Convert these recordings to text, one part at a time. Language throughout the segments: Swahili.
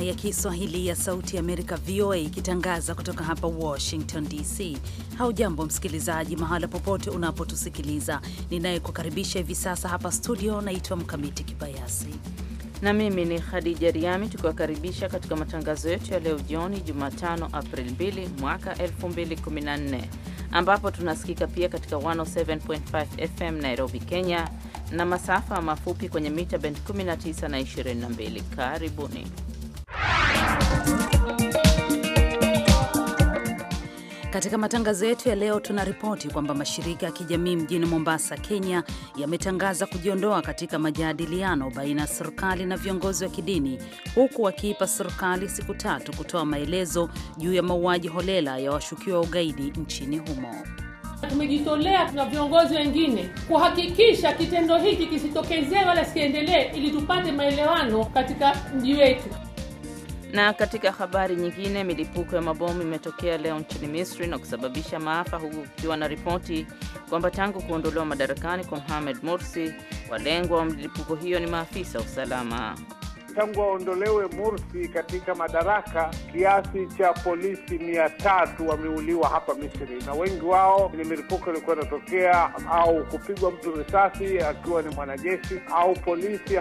idhaa ya Kiswahili ya Sauti Amerika, VOA, ikitangaza kutoka hapa Washington DC. Haujambo msikilizaji, mahala popote unapotusikiliza. Ninayekukaribisha hivi sasa hapa studio naitwa Mkamiti Kibayasi na mimi ni Khadija Riami, tukiwakaribisha katika matangazo yetu ya leo jioni, Jumatano april 2 mwaka 2014 ambapo tunasikika pia katika 107.5 FM Nairobi, Kenya na masafa mafupi kwenye mita bend 19 na 22. Karibuni. Katika matangazo yetu ya leo tuna ripoti kwamba mashirika ya kijamii mjini Mombasa, Kenya yametangaza kujiondoa katika majadiliano baina ya serikali na viongozi wa kidini, huku wakiipa serikali siku tatu kutoa maelezo juu ya mauaji holela ya washukiwa wa ugaidi nchini humo. Tumejitolea na viongozi wengine kuhakikisha kitendo hiki kisitokezee wala sikiendelee, ili tupate maelewano katika mji wetu. Na katika habari nyingine, milipuko ya mabomu imetokea leo nchini Misri na kusababisha maafa, huku kukiwa na ripoti kwamba tangu kuondolewa madarakani kwa Mohamed Morsi, walengwa wa milipuko hiyo ni maafisa wa usalama. Tangu waondolewe Mursi katika madaraka, kiasi cha polisi mia tatu wameuliwa hapa Misri, na wengi wao ni milipuko ilikuwa inatokea au kupigwa mtu risasi akiwa ni mwanajeshi au polisi.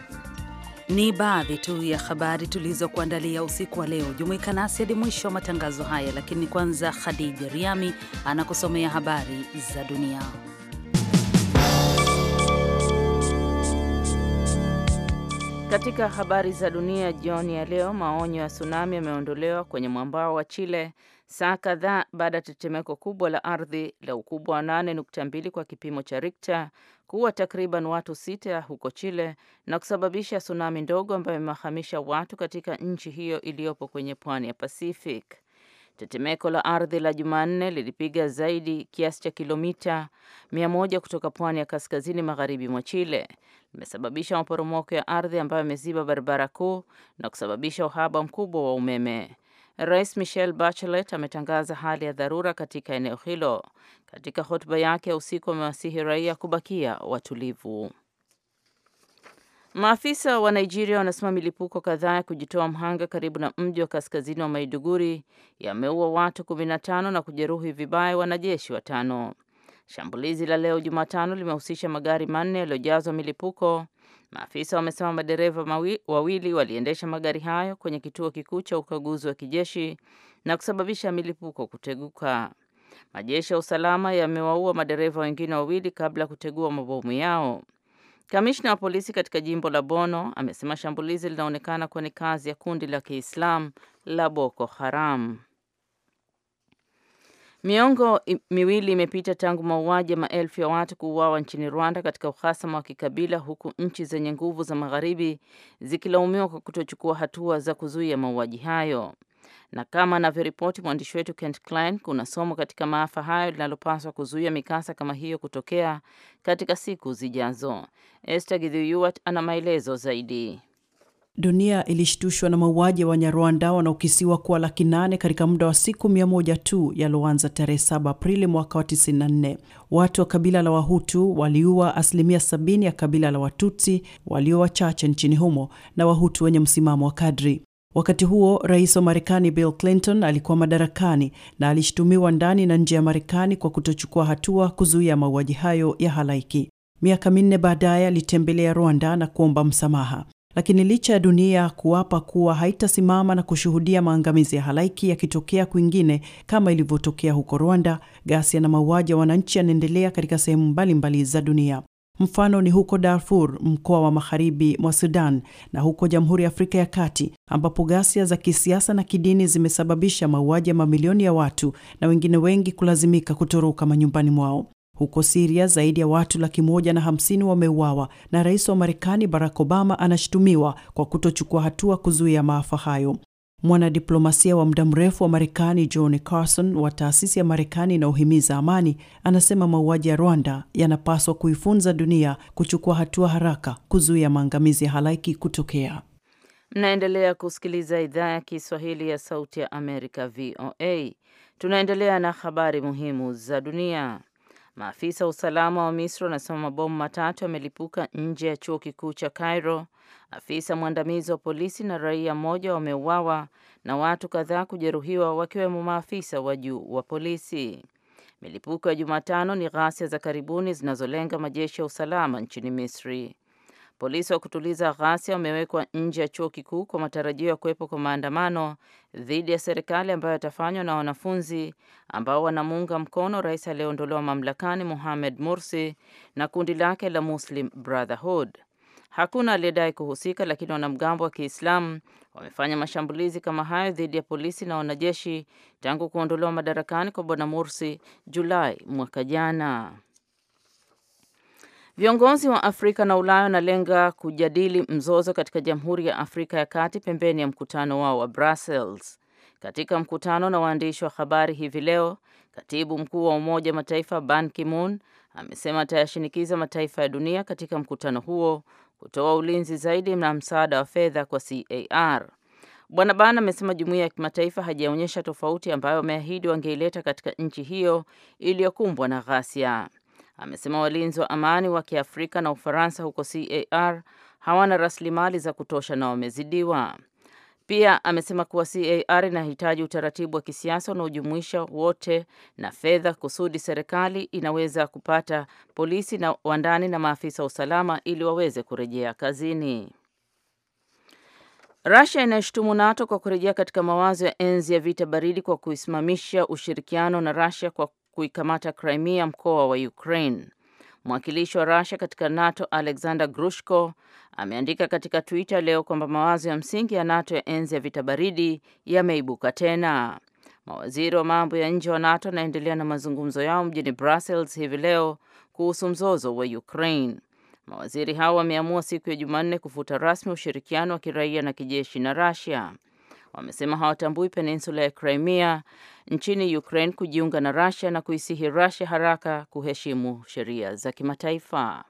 Ni baadhi tu ya habari tulizokuandalia usiku wa leo. Jumuika nasi hadi mwisho wa matangazo haya, lakini kwanza, Khadija Riami anakusomea habari za dunia. Katika habari za dunia jioni ya leo, maonyo ya tsunami yameondolewa kwenye mwambao wa Chile saa kadhaa baada ya tetemeko kubwa la ardhi la ukubwa wa 8.2 kwa kipimo cha Rikta kuwa takriban watu sita huko Chile na kusababisha tsunami ndogo ambayo imewahamisha watu katika nchi hiyo iliyopo kwenye pwani ya Pacific. Tetemeko la ardhi la Jumanne lilipiga zaidi kiasi cha kilomita 100 kutoka pwani ya kaskazini magharibi mwa Chile. Limesababisha maporomoko ya ardhi ambayo yameziba barabara kuu na kusababisha uhaba mkubwa wa umeme. Rais Michelle Bachelet ametangaza hali ya dharura katika eneo hilo. Katika hotuba yake ya usiku, amewasihi raia kubakia watulivu. Maafisa wa Nigeria wanasema milipuko kadhaa ya kujitoa mhanga karibu na mji wa kaskazini wa Maiduguri yameua watu 15 na kujeruhi vibaya wanajeshi watano. Shambulizi la leo Jumatano limehusisha magari manne yaliyojazwa milipuko. Maafisa wamesema madereva wawili waliendesha magari hayo kwenye kituo kikuu cha ukaguzi wa kijeshi na kusababisha milipuko kuteguka. Majeshi ya usalama yamewaua madereva wengine wawili kabla ya kutegua mabomu yao. Kamishna wa polisi katika jimbo la Bono amesema shambulizi linaonekana kuwa ni kazi ya kundi la Kiislamu la Boko Haram. Miongo miwili imepita tangu mauaji ya maelfu ya watu kuuawa nchini Rwanda katika uhasama wa kikabila huku nchi zenye nguvu za magharibi zikilaumiwa kwa kutochukua hatua za kuzuia mauaji hayo na kama anavyoripoti mwandishi wetu Kent Klein, kuna somo katika maafa hayo linalopaswa kuzuia mikasa kama hiyo kutokea katika siku zijazo. Esther Gidhuyuat ana maelezo zaidi. Dunia ilishtushwa na mauaji ya Wanyarwanda wanaokisiwa kuwa laki nane katika muda wa siku mia moja tu yaloanza tarehe 7 Aprili mwaka wa 94. Watu wa kabila la Wahutu waliua asilimia sabini ya kabila la Watutsi walio wachache nchini humo, na Wahutu wenye msimamo wa kadri. Wakati huo rais wa Marekani Bill Clinton alikuwa madarakani na alishutumiwa ndani na nje ya Marekani kwa kutochukua hatua kuzuia mauaji hayo ya halaiki. Miaka minne baadaye alitembelea Rwanda na kuomba msamaha, lakini licha ya dunia kuapa kuwa haitasimama na kushuhudia maangamizi ya halaiki yakitokea kwingine kama ilivyotokea huko Rwanda, ghasia na mauaji ya wananchi yanaendelea katika sehemu mbalimbali za dunia. Mfano ni huko Darfur, mkoa wa magharibi mwa Sudan, na huko Jamhuri ya Afrika ya Kati, ambapo ghasia za kisiasa na kidini zimesababisha mauaji ya mamilioni ya watu na wengine wengi kulazimika kutoroka manyumbani mwao. Huko Siria zaidi ya watu laki moja na hamsini wameuawa na rais wa Marekani Barack Obama anashutumiwa kwa kutochukua hatua kuzuia maafa hayo. Mwanadiplomasia wa muda mrefu wa Marekani John Carson wa taasisi ya Marekani inayohimiza amani anasema mauaji ya Rwanda yanapaswa kuifunza dunia kuchukua hatua haraka kuzuia maangamizi ya halaiki kutokea. Mnaendelea kusikiliza idhaa ya Kiswahili ya Sauti ya Amerika, VOA. Tunaendelea na habari muhimu za dunia. Maafisa wa usalama wa Misri wanasema mabomu matatu yamelipuka nje ya chuo kikuu cha Cairo Afisa mwandamizi wa polisi na raia mmoja wameuawa na watu kadhaa kujeruhiwa wakiwemo maafisa wa juu wa polisi. Milipuko ya Jumatano ni ghasia za karibuni zinazolenga majeshi ya usalama nchini Misri. Polisi wa kutuliza ghasia wamewekwa nje ya chuo kikuu kwa matarajio ya kuwepo kwa maandamano dhidi ya serikali ambayo yatafanywa na wanafunzi ambao wanamuunga mkono rais aliyeondolewa mamlakani Mohamed Mursi na kundi lake la Muslim Brotherhood. Hakuna aliyedai kuhusika, lakini wanamgambo wa Kiislamu wamefanya mashambulizi kama hayo dhidi ya polisi na wanajeshi tangu kuondolewa madarakani kwa bwana Morsi Julai mwaka jana. Viongozi wa Afrika na Ulaya wanalenga kujadili mzozo katika Jamhuri ya Afrika ya Kati pembeni ya mkutano wao wa Brussels. Katika mkutano na waandishi wa habari hivi leo, katibu mkuu wa Umoja Mataifa Ban Ki-moon amesema atayashinikiza mataifa ya dunia katika mkutano huo kutoa ulinzi zaidi na msaada wa fedha kwa CAR. Bwana Ban amesema jumuiya ya kimataifa hajaonyesha tofauti ambayo wameahidi wangeileta katika nchi hiyo iliyokumbwa na ghasia. Amesema walinzi wa amani wa Kiafrika na Ufaransa huko CAR hawana rasilimali za kutosha na wamezidiwa. Pia amesema kuwa CAR inahitaji utaratibu wa kisiasa unaojumuisha wote na fedha kusudi serikali inaweza kupata polisi na wandani na maafisa wa usalama ili waweze kurejea kazini. Russia inashutumu NATO kwa kurejea katika mawazo ya enzi ya vita baridi kwa kuisimamisha ushirikiano na Russia kwa kuikamata Crimea, mkoa wa Ukraine. Mwakilishi wa Russia katika NATO Alexander Grushko ameandika katika Twitter leo kwamba mawazo ya msingi ya NATO ya enzi ya vita baridi yameibuka tena. Mawaziri wa mambo ya nje wa NATO wanaendelea na mazungumzo yao mjini Brussels hivi leo kuhusu mzozo wa Ukraine. Mawaziri hao wameamua siku ya Jumanne kufuta rasmi ushirikiano wa kiraia na kijeshi na Russia wamesema hawatambui peninsula ya Crimea nchini Ukraine kujiunga na Russia na kuisihi Russia haraka kuheshimu sheria za kimataifa.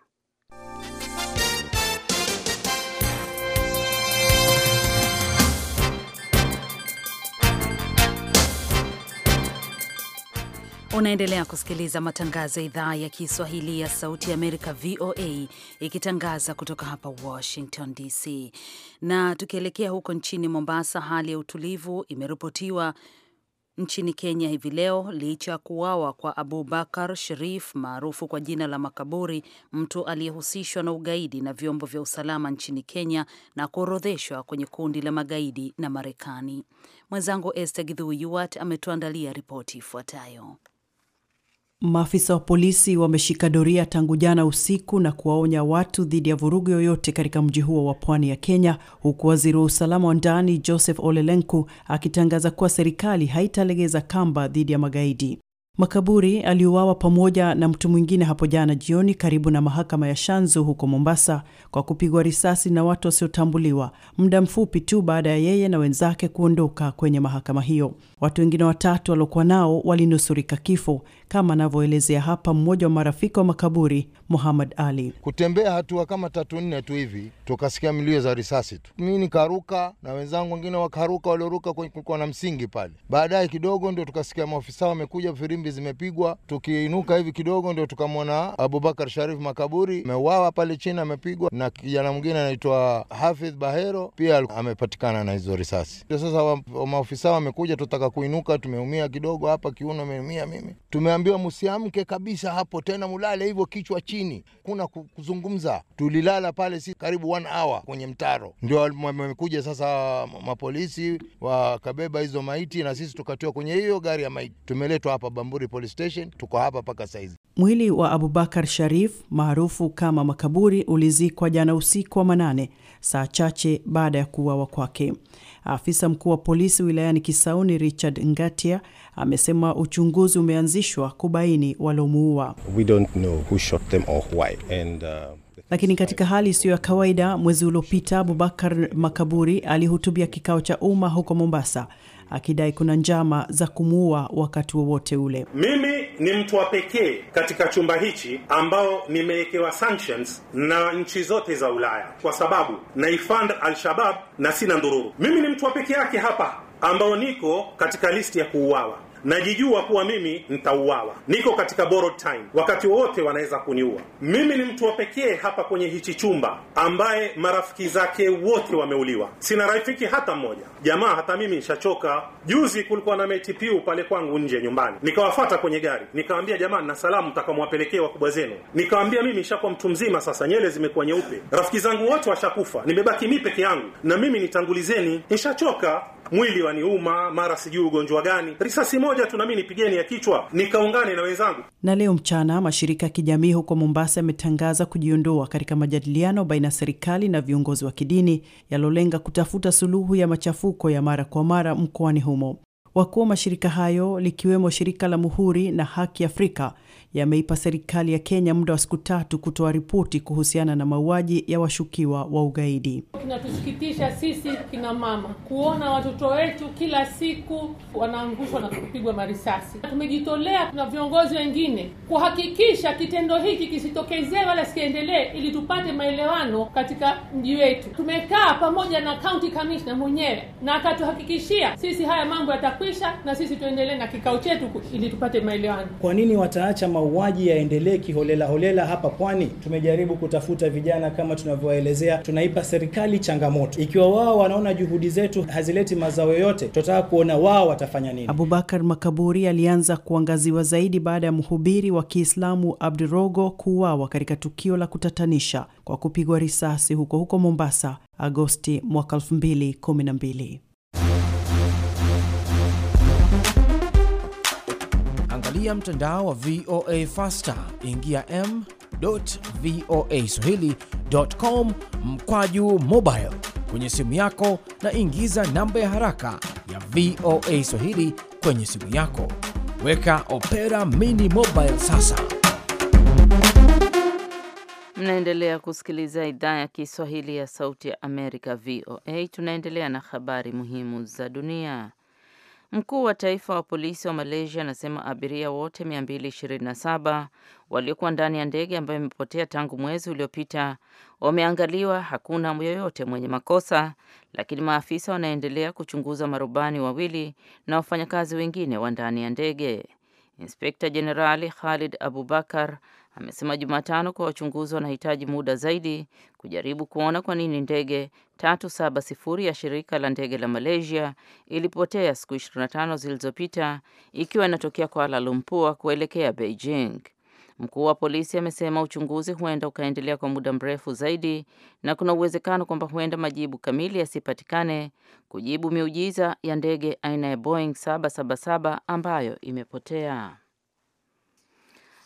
Unaendelea kusikiliza matangazo ya idhaa ya Kiswahili ya Sauti ya Amerika, VOA, ikitangaza kutoka hapa Washington DC. Na tukielekea huko nchini Mombasa, hali ya utulivu imeripotiwa nchini Kenya hivi leo licha ya kuuawa kwa Abubakar Sharif maarufu kwa jina la Makaburi, mtu aliyehusishwa na ugaidi na vyombo vya usalama nchini Kenya na kuorodheshwa kwenye kundi la magaidi na Marekani. Mwenzangu Esther Githui yuat ametuandalia ripoti ifuatayo. Maafisa wa polisi wameshika doria tangu jana usiku na kuwaonya watu dhidi ya vurugu yoyote katika mji huo wa pwani ya Kenya, huku waziri wa usalama wa ndani Joseph olelenku akitangaza kuwa serikali haitalegeza kamba dhidi ya magaidi. Makaburi aliuawa pamoja na mtu mwingine hapo jana jioni karibu na mahakama ya Shanzu huko Mombasa kwa kupigwa risasi na watu wasiotambuliwa muda mfupi tu baada ya yeye na wenzake kuondoka kwenye mahakama hiyo. Watu wengine watatu waliokuwa nao walinusurika kifo, kama anavyoelezea hapa mmoja wa marafiki wa Makaburi, Muhammad Ali. Kutembea hatua kama tatu nne tu hivi tukasikia milio za risasi tu, Mi nikaruka na wenzangu wengine wakaruka, walioruka kulikuwa na msingi pale. Baadaye kidogo ndio tukasikia maofisa wamekuja firimbi mbili zimepigwa, tukiinuka hivi kidogo ndio tukamwona Abubakar Sharif Makaburi ameuawa pale chini, amepigwa na kijana mwingine anaitwa Hafidh Bahero pia amepatikana na hizo risasi. Ndio sasa maofisa wamekuja, tutaka kuinuka, tumeumia kidogo hapa, kiuno ameumia mimi, tumeambiwa msiamke kabisa hapo tena, mulale hivyo kichwa chini, kuna kuzungumza. Tulilala pale si karibu one hour kwenye mtaro, ndio wamekuja sasa mapolisi wakabeba hizo maiti, na sisi tukatiwa kwenye hiyo gari ya maiti, tumeletwa hapa Bamburi. Makaburi Police Station, tuko hapa mpaka saizi. Mwili wa Abubakar Sharif maarufu kama Makaburi ulizikwa jana usiku wa manane, saa chache baada ya kuuawa kwake. Afisa mkuu wa polisi wilayani Kisauni Richard Ngatia amesema uchunguzi umeanzishwa kubaini waliomuua. We don't know who shot them or why and uh... Lakini katika hali isiyo ya kawaida, mwezi uliopita, Abubakar Makaburi alihutubia kikao cha umma huko Mombasa akidai kuna njama za kumuua wakati wowote ule. Mimi ni mtu wa pekee katika chumba hichi ambao nimewekewa sanctions na nchi zote za Ulaya kwa sababu naifund Al-Shabab na sina ndururu. Mimi ni mtu wa pekee yake hapa ambao niko katika listi ya kuuawa najijua kuwa mimi nitauawa, niko katika borrowed time, wakati wowote wanaweza kuniua. Mimi ni mtu wa pekee hapa kwenye hichi chumba ambaye marafiki zake wote wameuliwa, sina rafiki hata mmoja. Jamaa, hata mimi nshachoka Juzi kulikuwa na metipiu pale kwangu nje nyumbani, nikawafata kwenye gari, nikawambia jamaa, na salamu takamwapelekea wakubwa zenu. nikawambia mimi nishakuwa mtu mzima sasa, nyele zimekuwa nyeupe, rafiki zangu wote washakufa, nimebaki mi peke yangu, na mimi nitangulizeni, nshachoka mwili waniuma, mara sijui ugonjwa gani, risasi moja tu nami nipigeni ya kichwa nikaungane na wenzangu. Na leo mchana mashirika ya kijamii huko Mombasa yametangaza kujiondoa katika majadiliano baina ya serikali na viongozi wa kidini yalolenga kutafuta suluhu ya machafuko ya mara kwa mara mkoani humo. Wakuu wa mashirika hayo likiwemo shirika la Muhuri na Haki Afrika yameipa serikali ya Kenya muda wa siku tatu kutoa ripoti kuhusiana na mauaji ya washukiwa wa ugaidi. Kinatusikitisha sisi kina mama kuona watoto wetu kila siku wanaangushwa na kupigwa marisasi. Tumejitolea na viongozi wengine kuhakikisha kitendo hiki kisitokezee wala sikiendelee, ili tupate maelewano katika mji wetu. Tumekaa pamoja na county commissioner mwenyewe na akatuhakikishia sisi haya mambo yatakwisha, na sisi tuendelee na kikao chetu ili tupate maelewano. Kwa nini wataacha ma mauaji yaendelee kiholela holela hapa Pwani. Tumejaribu kutafuta vijana kama tunavyowaelezea, tunaipa serikali changamoto. Ikiwa wao wanaona juhudi zetu hazileti mazao yoyote, tutataka kuona wao watafanya nini. Abubakar Makaburi alianza kuangaziwa zaidi baada ya mhubiri wa Kiislamu Abdurogo kuuawa katika tukio la kutatanisha kwa kupigwa risasi huko huko Mombasa Agosti mwaka 2012. Angalia mtandao wa VOA Faster, ingia m.voaswahili.com mkwaju mobile kwenye simu yako na ingiza namba ya haraka ya VOA Swahili kwenye simu yako. Weka Opera Mini Mobile sasa. Mnaendelea kusikiliza idhaa ya Kiswahili ya Sauti ya Amerika, VOA. Tunaendelea na habari muhimu za dunia. Mkuu wa taifa wa polisi wa Malaysia anasema abiria wote 227 waliokuwa ndani ya ndege ambayo imepotea tangu mwezi uliopita wameangaliwa. Hakuna yoyote mwenye makosa, lakini maafisa wanaendelea kuchunguza marubani wawili na wafanyakazi wengine wa ndani ya ndege. Inspekta Jenerali Khalid Abubakar amesema Jumatano kwa wachunguzi wanahitaji muda zaidi kujaribu kuona kwa nini ndege 370 ya shirika la ndege la Malaysia ilipotea siku 25 zilizopita ikiwa inatokea Kuala Lumpur kuelekea Beijing. Mkuu wa polisi amesema uchunguzi huenda ukaendelea kwa muda mrefu zaidi na kuna uwezekano kwamba huenda majibu kamili yasipatikane kujibu miujiza ya ndege aina ya Boeing 777 ambayo imepotea.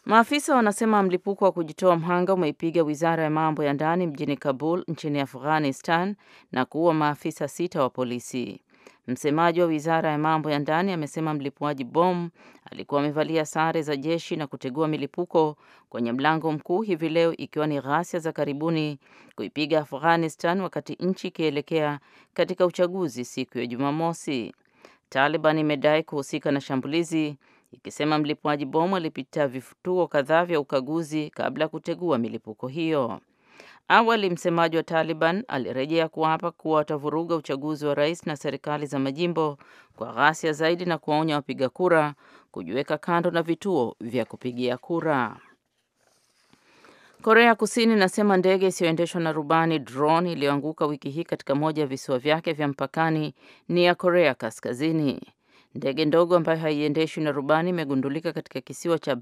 Maafisa wanasema mlipuko wa kujitoa mhanga umeipiga wizara ya mambo ya ndani mjini Kabul nchini Afghanistan na kuua maafisa sita wa polisi. Msemaji wa wizara ya mambo ya ndani amesema mlipuaji bomu alikuwa amevalia sare za jeshi na kutegua milipuko kwenye mlango mkuu hivi leo, ikiwa ni ghasia za karibuni kuipiga Afghanistan wakati nchi ikielekea katika uchaguzi siku ya Jumamosi. Taliban imedai kuhusika na shambulizi ikisema mlipuaji bomu alipita vituo kadhaa vya ukaguzi kabla ya kutegua milipuko hiyo. Awali msemaji wa Taliban alirejea kuapa kuwa watavuruga uchaguzi wa rais na serikali za majimbo kwa ghasia zaidi na kuwaonya wapiga kura kujiweka kando na vituo vya kupigia kura. Korea Kusini inasema ndege isiyoendeshwa na rubani drone iliyoanguka wiki hii katika moja ya visiwa vyake vya mpakani ni ya Korea Kaskazini. Ndege ndogo ambayo haiendeshwi na rubani imegundulika katika kisiwa cha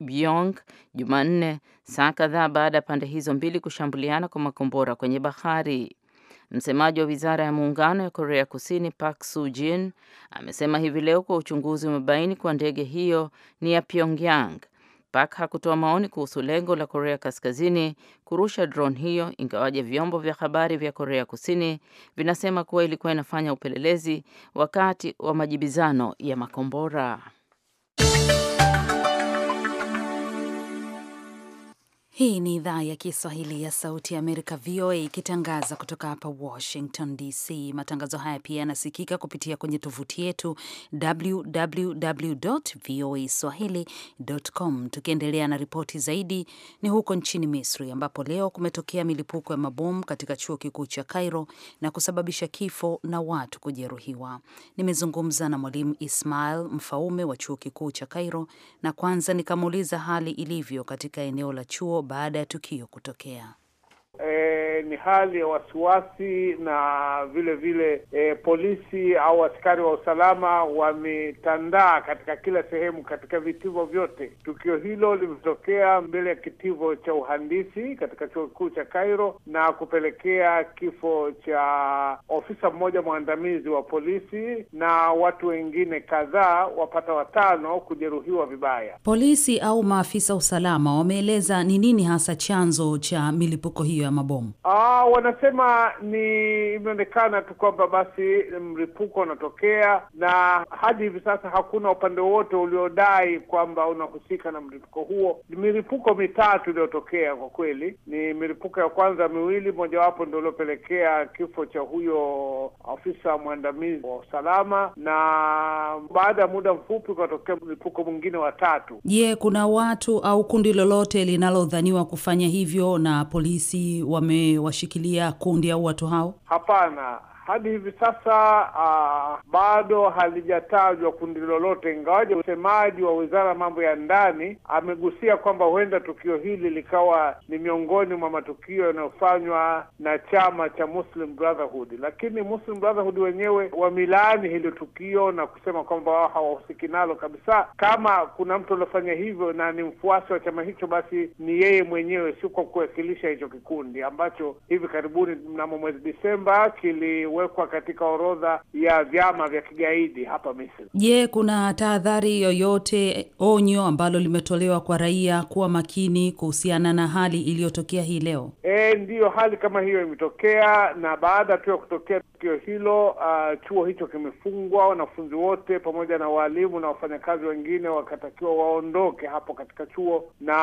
Byong Jumanne, saa kadhaa baada ya pande hizo mbili kushambuliana kwa makombora kwenye bahari. Msemaji wa wizara ya muungano ya Korea Kusini Park Sujin amesema hivi leo kuwa uchunguzi umebaini kuwa ndege hiyo ni ya Pyongyang Park hakutoa maoni kuhusu lengo la Korea Kaskazini kurusha drone hiyo, ingawaje vyombo vya habari vya Korea Kusini vinasema kuwa ilikuwa inafanya upelelezi wakati wa majibizano ya makombora. Hii ni idhaa ya Kiswahili ya Sauti ya Amerika, VOA, ikitangaza kutoka hapa Washington DC. Matangazo haya pia yanasikika kupitia kwenye tovuti yetu www voa swahili.com. Tukiendelea na ripoti zaidi, ni huko nchini Misri ambapo leo kumetokea milipuko ya mabomu katika chuo kikuu cha Cairo na kusababisha kifo na watu kujeruhiwa. Nimezungumza na Mwalimu Ismail Mfaume wa chuo kikuu cha Cairo, na kwanza nikamuuliza hali ilivyo katika eneo la chuo baada ya tukio kutokea e, ni hali ya wasiwasi na vile vile e, polisi au askari wa usalama wametandaa katika kila sehemu katika vitivo vyote. Tukio hilo limetokea mbele ya kitivo cha uhandisi katika chuo kikuu cha Cairo na kupelekea kifo cha ofisa mmoja mwandamizi wa polisi na watu wengine kadhaa wapata watano kujeruhiwa vibaya. Polisi au maafisa usalama wameeleza ni nini hasa chanzo cha milipuko hiyo ya mabomu? Ah, wanasema ni imeonekana tu kwamba basi mlipuko mm, unatokea, na hadi hivi sasa hakuna upande wowote uliodai kwamba unahusika na mlipuko huo. Milipuko mitatu iliyotokea kwa kweli, ni milipuko ya kwanza miwili, mojawapo ndio uliopelekea kifo cha huyo afisa mwandamizi wa usalama, na baada ya muda mfupi ukatokea mlipuko mwingine wa tatu. Je, kuna watu au kundi lolote linalodhaniwa kufanya hivyo na polisi wamewashikilia kundi au watu hao? Hapana, hadi hivi sasa uh, bado halijatajwa kundi lolote, ingawaje msemaji wa wizara ya mambo ya ndani amegusia kwamba huenda tukio hili likawa ni miongoni mwa matukio yanayofanywa na chama cha Muslim Brotherhood, lakini Muslim Brotherhood wenyewe wamelaani hilo tukio na kusema kwamba wao hawahusiki nalo kabisa. Kama kuna mtu aliofanya hivyo na ni mfuasi wa chama hicho, basi ni yeye mwenyewe, sio kwa kuwakilisha hicho kikundi ambacho hivi karibuni mnamo mwezi Desemba kili kuwekwa katika orodha ya vyama vya kigaidi hapa Misri. Je, kuna tahadhari yoyote, onyo ambalo limetolewa kwa raia kuwa makini kuhusiana na hali iliyotokea hii leo? E, ndiyo, hali kama hiyo imetokea, na baada tu ya kutokea tukio hilo, uh, chuo hicho kimefungwa, wanafunzi wote pamoja na waalimu na wafanyakazi wengine wakatakiwa waondoke hapo katika chuo, na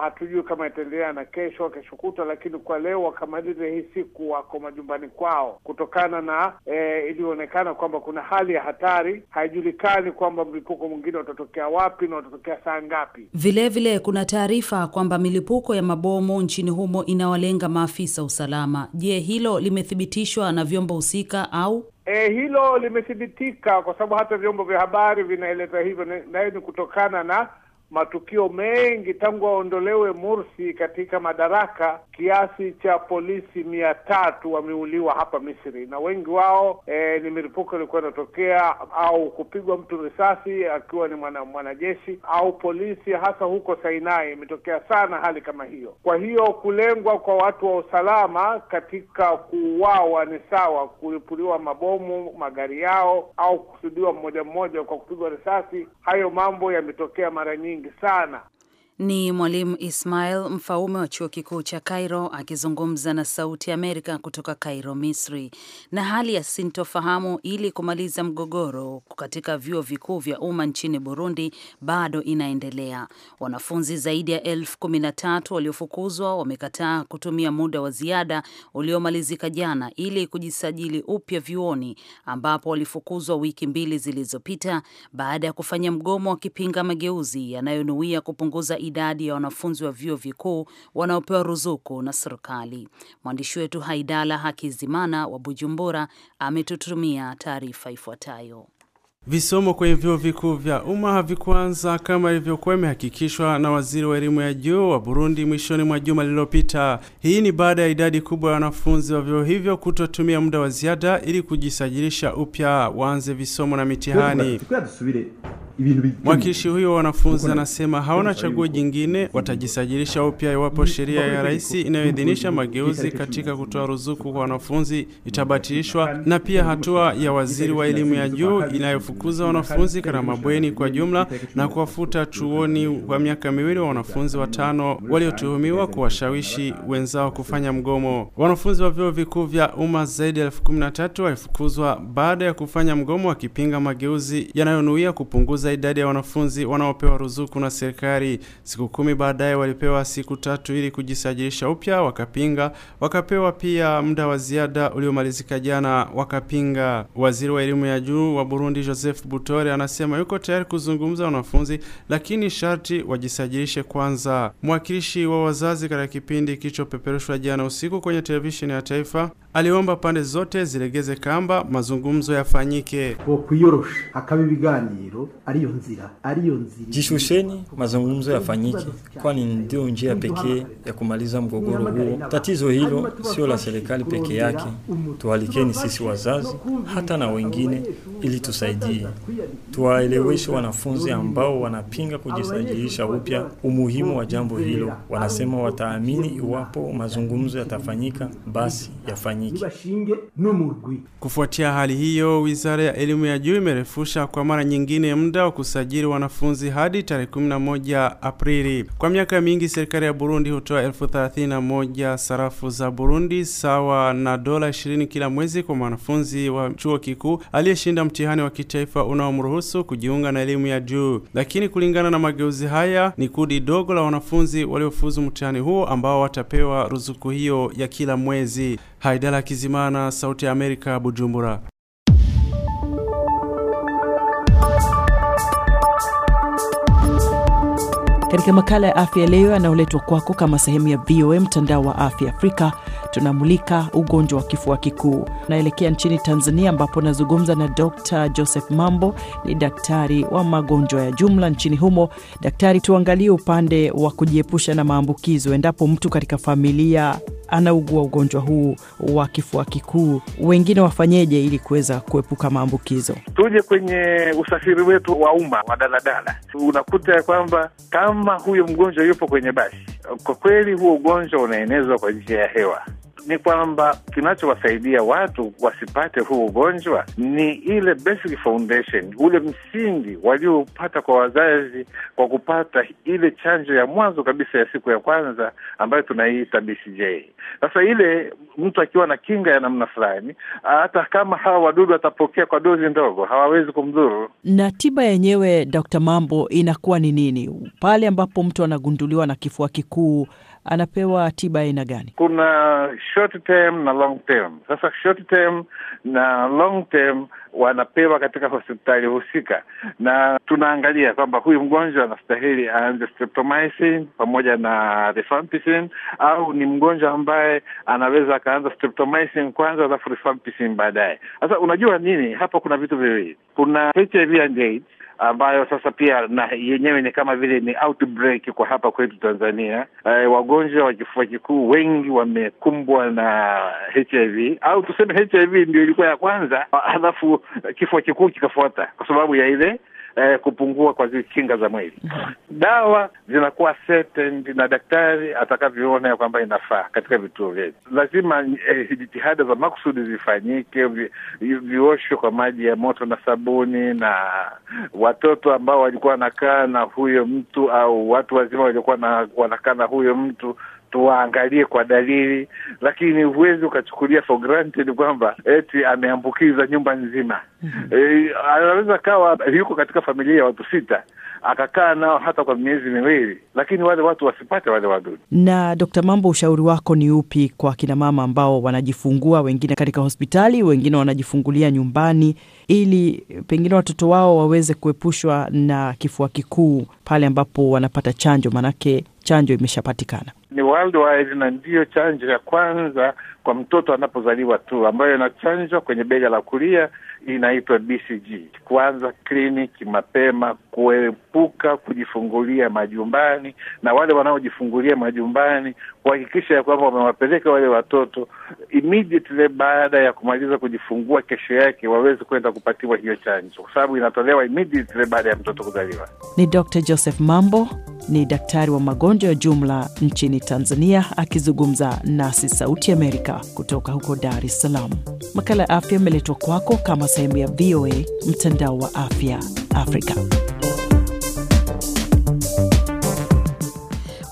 hatujui kama itaendelea na kesho kesho kutwa, lakini kwa leo wakamalize hii siku, wako majumbani kwao kutokana kutokana na e, ilionekana kwamba kuna hali ya hatari. Haijulikani kwamba mlipuko mwingine utatokea wapi na utatokea saa ngapi. Vilevile kuna taarifa kwamba milipuko ya mabomu nchini humo inawalenga maafisa usalama. Je, hilo limethibitishwa na vyombo husika au E, hilo limethibitika kwa sababu hata vyombo vya habari vinaeleza hivyo, nayo ni kutokana na matukio mengi tangu aondolewe Mursi katika madaraka, kiasi cha polisi mia tatu wameuliwa hapa Misri, na wengi wao e, ni milipuko ilikuwa inatokea au kupigwa mtu risasi akiwa ni mwana, mwanajeshi au polisi, hasa huko sainai imetokea sana hali kama hiyo. Kwa hiyo kulengwa kwa watu wa usalama katika kuuawa ni sawa kulipuliwa mabomu magari yao au kusudiwa mmoja mmoja kwa kupigwa risasi. Hayo mambo yametokea mara nyingi nyingi sana. Ni Mwalimu Ismail Mfaume wa chuo kikuu cha Cairo akizungumza na Sauti Amerika kutoka Cairo, Misri. Na hali ya sintofahamu ili kumaliza mgogoro katika vyuo vikuu vya umma nchini Burundi bado inaendelea. Wanafunzi zaidi ya elfu kumi na tatu waliofukuzwa wamekataa kutumia muda wa ziada uliomalizika jana ili kujisajili upya vyuoni, ambapo walifukuzwa wiki mbili zilizopita baada ya kufanya mgomo wakipinga mageuzi yanayonuia kupunguza idadi ya wanafunzi wa vyuo vikuu wanaopewa ruzuku na serikali. Mwandishi wetu Haidala Hakizimana wa Bujumbura ametutumia taarifa ifuatayo. Visomo kwenye vyuo vikuu vya umma havikuanza kama ilivyokuwa imehakikishwa na waziri wa elimu ya juu wa Burundi mwishoni mwa juma lililopita. Hii ni baada ya idadi kubwa ya wanafunzi wa vyuo hivyo kutotumia muda wa ziada ili kujisajilisha upya waanze visomo na mitihani ibintu mwakilishi huyo wanafunzi anasema hawana chaguo jingine, watajisajilisha upya iwapo sheria ya rais inayoidhinisha mageuzi katika kutoa ruzuku kwa wanafunzi itabatilishwa, na pia hatua ya waziri wa elimu ya juu inayofukuza wanafunzi katika mabweni kwa jumla na kuwafuta chuoni kwa miaka miwili wa wanafunzi watano waliotuhumiwa kuwashawishi wenzao kufanya mgomo. Wanafunzi wa vyuo vikuu vya umma zaidi ya elfu kumi na tatu walifukuzwa baada ya kufanya mgomo wakipinga mageuzi yanayonuia kupunguza kupunguza idadi ya wanafunzi wanaopewa ruzuku na serikali. Siku kumi baadaye walipewa siku tatu ili kujisajilisha upya, wakapinga. Wakapewa pia muda wa ziada uliomalizika jana, wakapinga. Waziri wa elimu ya juu wa Burundi Joseph Butore anasema yuko tayari kuzungumza wanafunzi, lakini sharti wajisajilishe kwanza. Mwakilishi wa wazazi katika kipindi kilichopeperushwa jana usiku kwenye televisheni ya taifa aliomba pande zote zilegeze kamba mazungumzo yafanyike. Bokwiyorosha hakaba ibiganiro ariyo nzira ariyo nzira. Jishusheni, mazungumzo yafanyike, kwani ndio njia pekee ya kumaliza mgogoro huo. Tatizo hilo sio la serikali peke yake, tualikeni sisi wazazi hata na wengine ili tusaidie, tuwaeleweshe wanafunzi ambao wanapinga kujisajilisha upya umuhimu wa jambo hilo. Wanasema wataamini iwapo mazungumzo yatafanyika, basi yafanyike ifanyike. Kufuatia hali hiyo, wizara ya elimu ya juu imerefusha kwa mara nyingine muda wa kusajili wanafunzi hadi tarehe moja Aprili. Kwa miaka mingi, serikali ya Burundi hutoa elfu thelathini na moja sarafu za Burundi sawa na dola ishirini kila mwezi kwa mwanafunzi wa chuo kikuu aliyeshinda mtihani wa kitaifa unaomruhusu kujiunga na elimu ya juu. Lakini kulingana na mageuzi haya, ni kundi dogo la wanafunzi waliofuzu mtihani huo ambao watapewa ruzuku hiyo ya kila mwezi. Haidala Haidala Kizimana, Sauti ya Amerika, Bujumbura. Katika makala ya afya leo yanayoletwa kwako kama sehemu ya VOA mtandao wa afya Afrika, tunamulika ugonjwa wa kifua kikuu. Naelekea nchini Tanzania ambapo nazungumza na Dr Joseph Mambo, ni daktari wa magonjwa ya jumla nchini humo. Daktari, tuangalie upande wa kujiepusha na maambukizo endapo mtu katika familia anaugua ugonjwa huu wa kifua kikuu, wengine wafanyeje ili kuweza kuepuka maambukizo? Tuje kwenye usafiri wetu wa umma wa daladala, unakuta ya kwamba kama huyo mgonjwa yupo kwenye basi, kwa kweli huo ugonjwa unaenezwa kwa njia ya hewa ni kwamba kinachowasaidia watu wasipate huu ugonjwa ni ile basic foundation, ule msingi walioupata kwa wazazi, kwa kupata ile chanjo ya mwanzo kabisa ya siku ya kwanza ambayo tunaiita BCJ. Sasa ile mtu akiwa na kinga ya namna fulani, hata kama hawa wadudu watapokea kwa dozi ndogo, hawawezi kumdhuru. Na tiba yenyewe, Dr. Mambo, inakuwa ni nini pale ambapo mtu anagunduliwa na kifua kikuu anapewa tiba aina gani? Kuna short term na long term. Sasa short term na long term wanapewa katika hospitali husika, na tunaangalia kwamba huyu mgonjwa anastahili aanze streptomycin pamoja na rifampicin, au ni mgonjwa ambaye anaweza akaanza streptomycin kwanza alafu rifampicin baadaye. Sasa unajua nini, hapa kuna vitu viwili, kuna HIV and AIDS ambayo sasa pia na yenyewe ni kama vile ni outbreak kwa hapa kwetu Tanzania. Uh, wagonjwa wa kifua kikuu wengi wamekumbwa na HIV au tuseme HIV ndio ilikuwa ya kwanza, halafu kifua kikuu kikafuata kwa sababu ya ile eh, kupungua kwa zile kinga za mwili. Dawa zinakuwa settled na daktari atakavyoona ya kwamba inafaa katika vituo vyetu. Lazima eh, jitihada za makusudi zifanyike, vioshwe kwa maji ya moto na sabuni, na watoto ambao walikuwa wanakaa na huyo mtu au watu wazima waliokuwa wanakaa na huyo mtu tuwaangalie kwa dalili, lakini huwezi ukachukulia for granted kwamba eti ameambukiza nyumba nzima. E, anaweza akawa yuko katika familia ya watu sita akakaa nao hata kwa miezi miwili, lakini wale watu wasipate wale wadudu. Na Dkt. Mambo, ushauri wako ni upi kwa kinamama ambao wanajifungua, wengine katika hospitali, wengine wanajifungulia nyumbani, ili pengine watoto wao waweze kuepushwa na kifua kikuu pale ambapo wanapata chanjo? Maanake chanjo imeshapatikana. Ni worldwide na ndiyo chanjo ya kwanza kwa mtoto anapozaliwa tu ambayo inachanjwa kwenye bega la kulia, inaitwa BCG. Kuanza kliniki mapema, kuepuka kujifungulia majumbani, na wale wanaojifungulia majumbani kuhakikisha ya kwamba wamewapeleka wale watoto immediately baada ya kumaliza kujifungua, kesho yake waweze kwenda kupatiwa hiyo chanjo, kwa sababu inatolewa immediately baada ya mtoto kuzaliwa. Ni Dr. Joseph Mambo, ni daktari wa magonjwa ya jumla nchini Tanzania, akizungumza nasi Sauti Amerika kutoka huko Dar es Salaam. Makala ya afya imeletwa kwako kama sehemu ya VOA mtandao wa afya Afrika.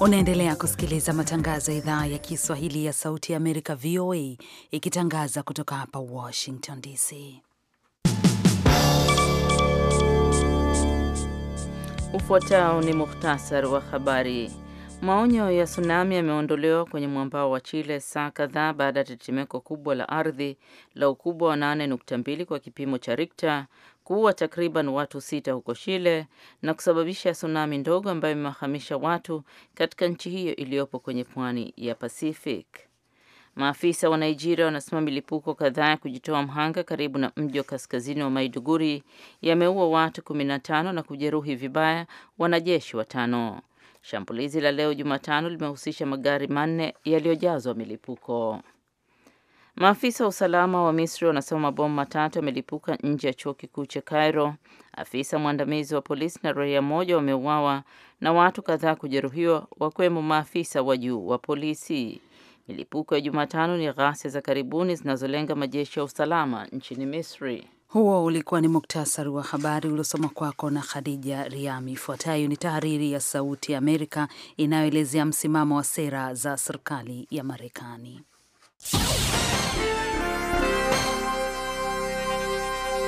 Unaendelea kusikiliza matangazo ya idhaa ya Kiswahili ya Sauti ya Amerika, VOA, ikitangaza kutoka hapa Washington DC. Ufuatao ni muhtasari wa habari. Maonyo ya tsunami yameondolewa kwenye mwambao wa Chile saa kadhaa baada ya tetemeko kubwa la ardhi la ukubwa wa 8.2 kwa kipimo cha Richter kuua takriban watu sita huko shile na kusababisha tsunami ndogo ambayo imewahamisha watu katika nchi hiyo iliyopo kwenye pwani ya Pacific. Maafisa wa Nigeria wanasema milipuko kadhaa ya kujitoa mhanga karibu na mji wa kaskazini wa Maiduguri yameua watu 15 na kujeruhi vibaya wanajeshi watano. Shambulizi la leo Jumatano limehusisha magari manne yaliyojazwa milipuko. Maafisa wa usalama wa Misri wanasema mabomu matatu yamelipuka nje ya chuo kikuu cha Cairo. Afisa mwandamizi wa polisi na raia mmoja wameuawa na watu kadhaa kujeruhiwa, wakiwemo maafisa wa juu wa polisi. Milipuko ya Jumatano ni ghasia za karibuni zinazolenga majeshi ya usalama nchini Misri. Huo ulikuwa ni muktasari wa habari uliosoma kwako na Khadija Riami. Ifuatayo ni tahariri ya Sauti ya Amerika inayoelezea msimamo wa sera za serikali ya Marekani.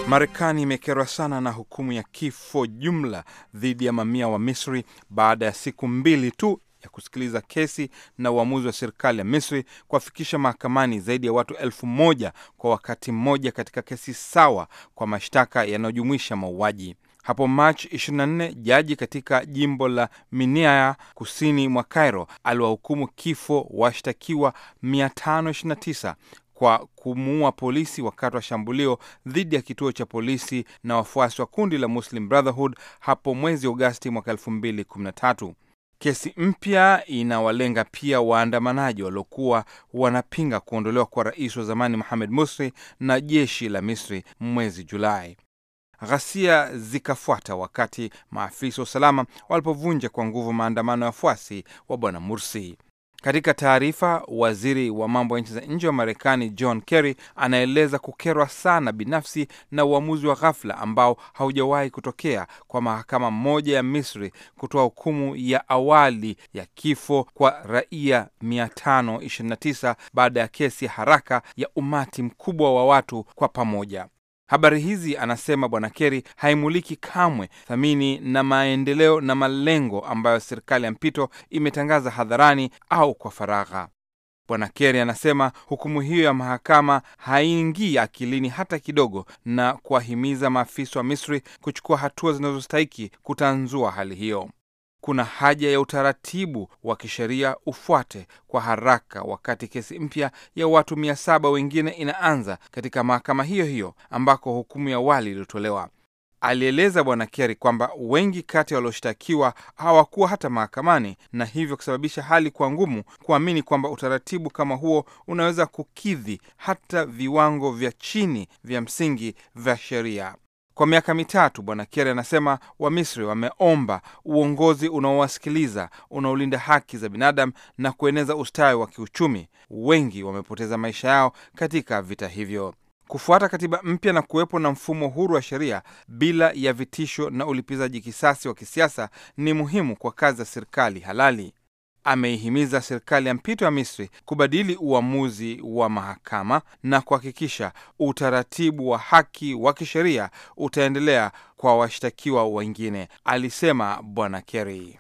Marekani imekerwa sana na hukumu ya kifo jumla dhidi ya mamia wa Misri baada ya siku mbili tu ya kusikiliza kesi na uamuzi wa serikali ya Misri kuwafikisha mahakamani zaidi ya watu elfu moja kwa wakati mmoja katika kesi sawa kwa mashtaka yanayojumuisha mauaji. Hapo Machi 24 jaji katika jimbo la Minia kusini mwa Cairo aliwahukumu kifo washtakiwa 529 kwa kumuua polisi wakati wa shambulio dhidi ya kituo cha polisi na wafuasi wa kundi la Muslim Brotherhood hapo mwezi Agosti mwaka 2013. Kesi mpya inawalenga pia waandamanaji waliokuwa wanapinga kuondolewa kwa rais wa zamani Mohamed Musri na jeshi la Misri mwezi Julai. Ghasia zikafuata wakati maafisa wa usalama walipovunja kwa nguvu maandamano ya wafuasi wa bwana Mursi. Katika taarifa, waziri wa mambo ya nchi za nje wa Marekani John Kerry anaeleza kukerwa sana binafsi na uamuzi wa ghafla ambao haujawahi kutokea kwa mahakama moja ya Misri kutoa hukumu ya awali ya kifo kwa raia 529 baada ya kesi ya haraka ya umati mkubwa wa watu kwa pamoja. Habari hizi, anasema Bwana Kerry, haimuliki kamwe thamini na maendeleo na malengo ambayo serikali ya mpito imetangaza hadharani au kwa faragha. Bwana Kerry anasema hukumu hiyo ya mahakama haingii akilini hata kidogo, na kuwahimiza maafisa wa Misri kuchukua hatua zinazostahiki kutanzua hali hiyo kuna haja ya utaratibu wa kisheria ufuate kwa haraka, wakati kesi mpya ya watu mia saba wengine inaanza katika mahakama hiyo hiyo ambako hukumu ya awali iliyotolewa Alieleza Bwana Kerry kwamba wengi kati ya walioshtakiwa hawakuwa hata mahakamani na hivyo kusababisha hali kuwa ngumu kuamini kwamba utaratibu kama huo unaweza kukidhi hata viwango vya chini vya msingi vya sheria. Kwa miaka mitatu, Bwana Kerry anasema Wamisri wameomba uongozi unaowasikiliza, unaolinda haki za binadamu na kueneza ustawi wa kiuchumi. Wengi wamepoteza maisha yao katika vita hivyo. Kufuata katiba mpya na kuwepo na mfumo huru wa sheria bila ya vitisho na ulipizaji kisasi wa kisiasa ni muhimu kwa kazi za serikali halali ameihimiza serikali ya mpito ya Misri kubadili uamuzi wa mahakama na kuhakikisha utaratibu wa haki wa kisheria utaendelea kwa washtakiwa wengine, alisema Bwana Kerry.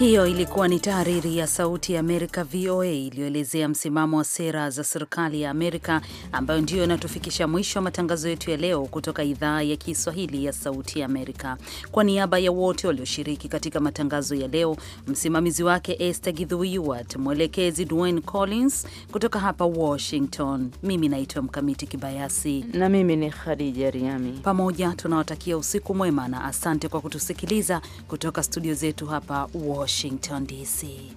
Hiyo ilikuwa ni tahariri ya Sauti ya Amerika, VOA, iliyoelezea msimamo wa sera za serikali ya Amerika, ambayo ndiyo inatufikisha mwisho wa matangazo yetu ya leo kutoka idhaa ya Kiswahili ya Sauti ya Amerika. Kwa niaba ya wote walioshiriki katika matangazo ya leo, msimamizi wake Esther Githuiwat, mwelekezi Dwayne Collins. Kutoka hapa Washington, mimi naitwa Mkamiti Kibayasi na mimi ni Khadija Riami. Pamoja tunawatakia usiku mwema na asante kwa kutusikiliza kutoka studio zetu hapa Washington. Washington, D.C.